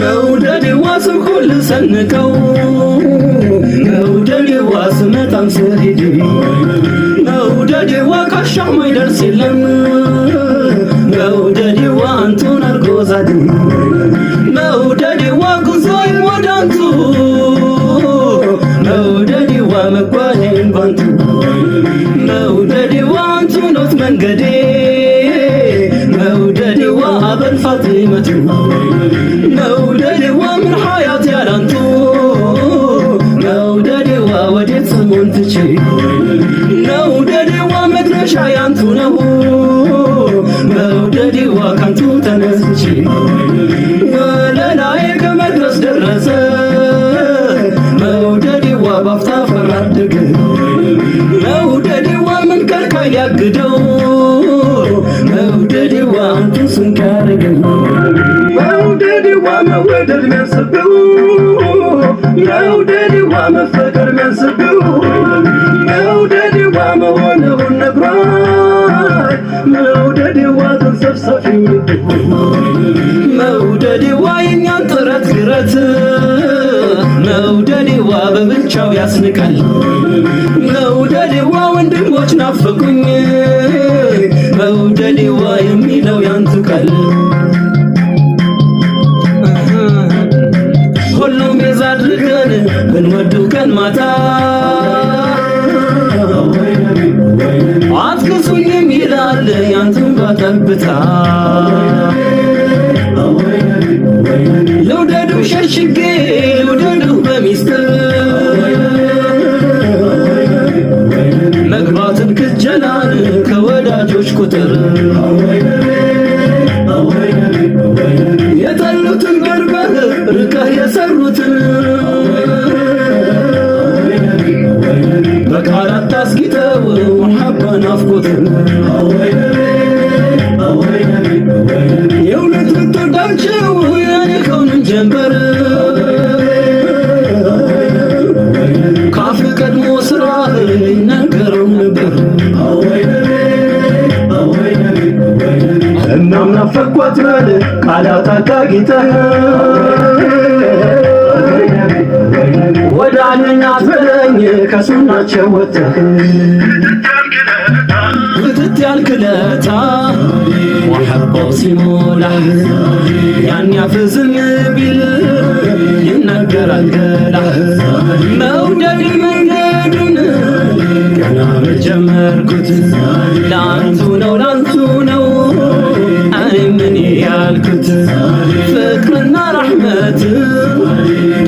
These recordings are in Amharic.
መውደድ ዋስም ሁል ሰንቀው መውደድ ዋስ መጣም ስሄድ መውደድ ዋ ማይደርስ የለም መውደድ ዋ አንቱን አርጎዛድ መውደድ ዋ بالفاطمة موددي ومن حياتي لانتو موددي ووديت سمونتشي موددي ومدرش عيانتو ነው መውደዴ ከንቱ ተነስቼ ወለላዬ ከመድረስ ደረሰ መውደዴ ባፍታ ፈራደገ መውደዴ ምን ከልካይ ያግደው እሱን ካረገኝ መውደድዋ መወደድ ሚያንስብው መውደድዋ መፈቀር ሚያንስብው መውደድዋ መሆነውን ነግሯል መውደድዋ ተንሰብሳፊ መውደድዋ የኛን ጥረት ግረት መውደድዋ በብቻው ያስንቃል መውደድዋ ወንድሞች ናፈቁኝ በውደዴዋ የሚለው ያንቱ ቃል ሁሉም ቤዛ አድርገን ብንወደው ቀን ማታ አትክሱኝ ይላል ያንቱን ባጠብታ ልውደዱ ሸሽጌ ይበጀናል ከወዳጆች ቁጥር የጠሉትን ገርበህ ርቀህ የሰሩትን በቃላት አስጊጠው ሐባን አፍቆትን ወዳነኛ አስበለኝ ከስናቸው ወጥተህ ውትት ያልክለታ ወሐቆ ሲሞላ ያን ያፍዝም ቢል ይነገራል ገላ መውደድ መንገዱን ገና መጀመርኩት ላንቱ ነው ላንቱ በረከት ፍቅርና ረሕመት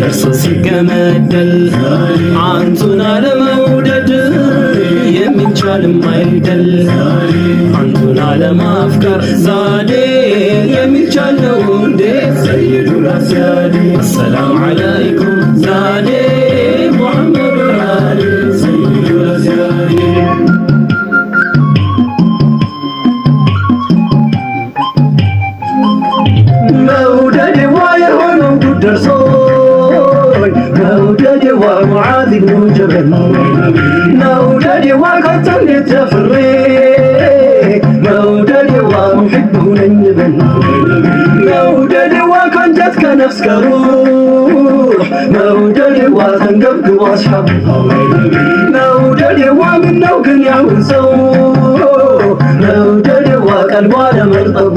ደርሶ ሲገመደል አንቱን አለመውደድ የሚቻልም አይደል አንቱን አለማፍቀር ዛዴ የሚቻል ነው እንዴ ሰይዱል አስያዴ አሰላም አለይኩም ዛዴ መውደዴ ሙዓዝ ብኑ ጀበል መውደዴ ከተሜ ተፍሬ መውደዴ ሙሕቡ ነኝ በል መውደዴ ከንጀት ከነፍስ ከሩሕ መውደዴ ተንገብግቦ አስሓብ መውደዴ ምነው ግን ያውን ሰው መውደዴ ቀልቧ ለመርጠቡ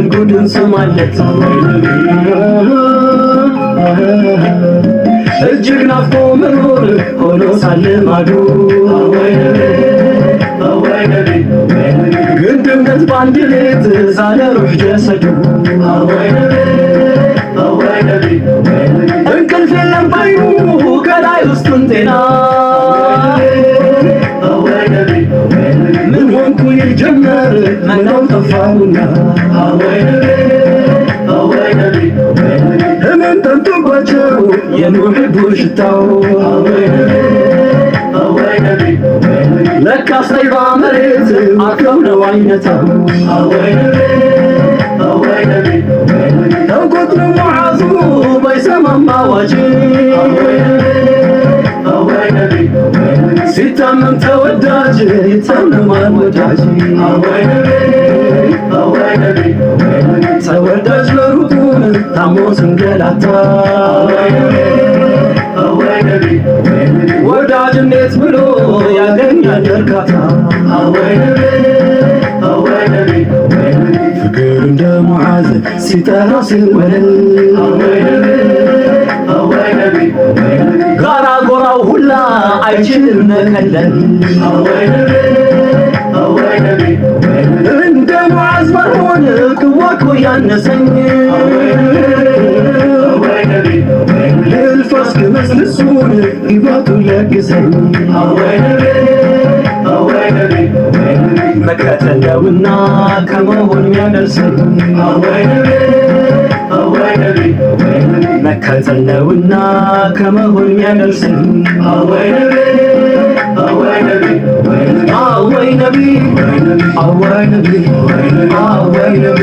እንጉድን ስማለት እጅግ ናፍቆ መኖር ሆኖ ሳለ ማዶ ግን ድንገት በአንድ ሌት ሳለ ጀሰዱ እንቅልፍ የለም ባይኑ ከላይ ውስጡን ጤና እኔን ጠምቶባቸው የምውህዱ ሽታው ለካ ሳይባ መሬት አክለው ነው አይነታው ተንቆጥሮ ሙዓዙ ባይሰማም አዋጅ ሲታመም ተወዳጅ ይታመማል ወዳጅ ወዳጅነት ብሎ ያገኛል እርካታ ፍቅር እንደ ሙዓዝ ሲጠራው ሲልበል ጋራ ጎራው ሁላ አይችልም መከለል እንደ ሙዓዝ ባልሆን ክዋኮ ያነሰኝ መዝሙር ይባቱ ለግሰኝ መከተለውና ከመሆን ያደርሰኝ መከተለውና ከመሆን ያደርሰኝ አወይ ነቢ አወይ ነቢ አወይ ነቢ